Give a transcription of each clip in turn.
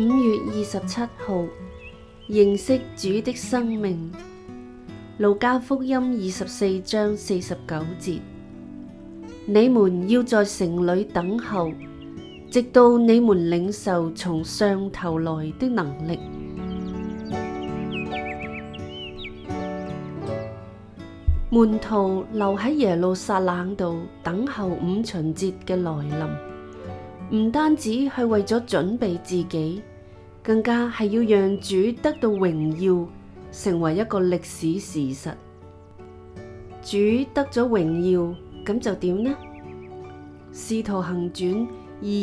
五月二十七號，認識主的生命，路加福音二十四章四十九節：你們要在城裏等候，直到你們領受從上頭來的能力。門徒留喺耶路撒冷度等候五旬節嘅來臨，唔單止係為咗準備自己。更加係要讓主得到榮耀，成為一個歷史事實，實。主得咗榮耀，咁就點呢？《使徒行傳》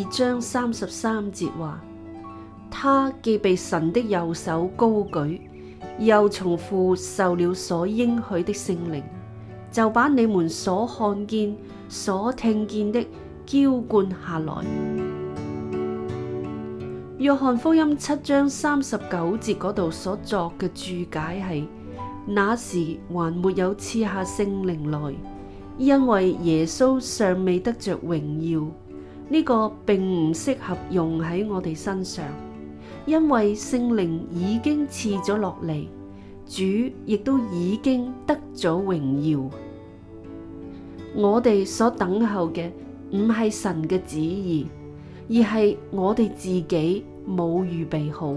二章三十三節話：他既被神的右手高舉，又從父受了所應許的聖靈，就把你們所看見、所聽見的澆灌下來。約翰福音七章三十九節嗰度所作嘅注解係：那時還沒有賜下聖靈來，因為耶穌尚未得着榮耀。呢個並唔適合用喺我哋身上，因為聖靈已經賜咗落嚟，主亦都已經得咗榮耀。我哋所等候嘅唔係神嘅旨意。而係我哋自己冇預備好。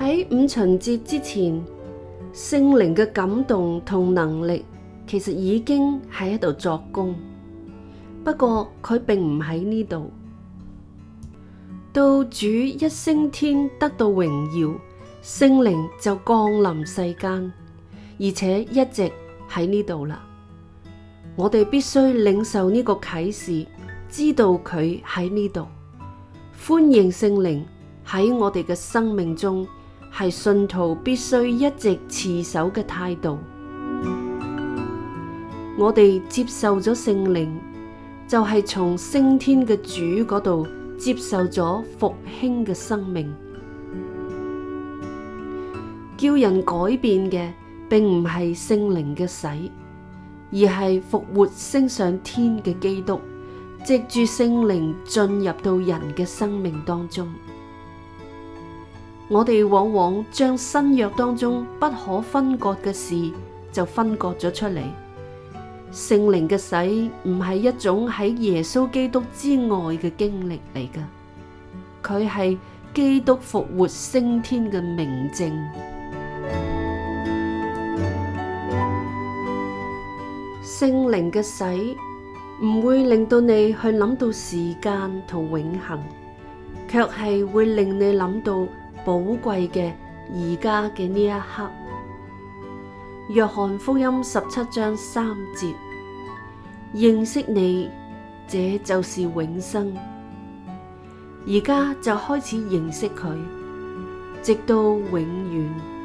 喺五旬節之前，聖靈嘅感動同能力其實已經喺度作工，不過佢並唔喺呢度。到主一升天得到榮耀，聖靈就降臨世間，而且一直喺呢度啦。我哋必須領受呢個啟示，知道佢喺呢度，歡迎聖靈喺我哋嘅生命中，係信徒必須一直持守嘅態度。我哋接受咗聖靈，就係、是、從升天嘅主嗰度接受咗復興嘅生命。叫人改變嘅，並唔係聖靈嘅洗。而係復活升上天嘅基督，藉住聖靈進入到人嘅生命當中。我哋往往將新約當中不可分割嘅事就分割咗出嚟。聖靈嘅洗唔係一種喺耶穌基督之外嘅經歷嚟㗎，佢係基督復活升天嘅明證。聖靈嘅洗唔會令到你去諗到時間同永恒，卻係會令你諗到寶貴嘅而家嘅呢一刻。約翰福音十七章三節：認識你，這就是永生。而家就開始認識佢，直到永遠。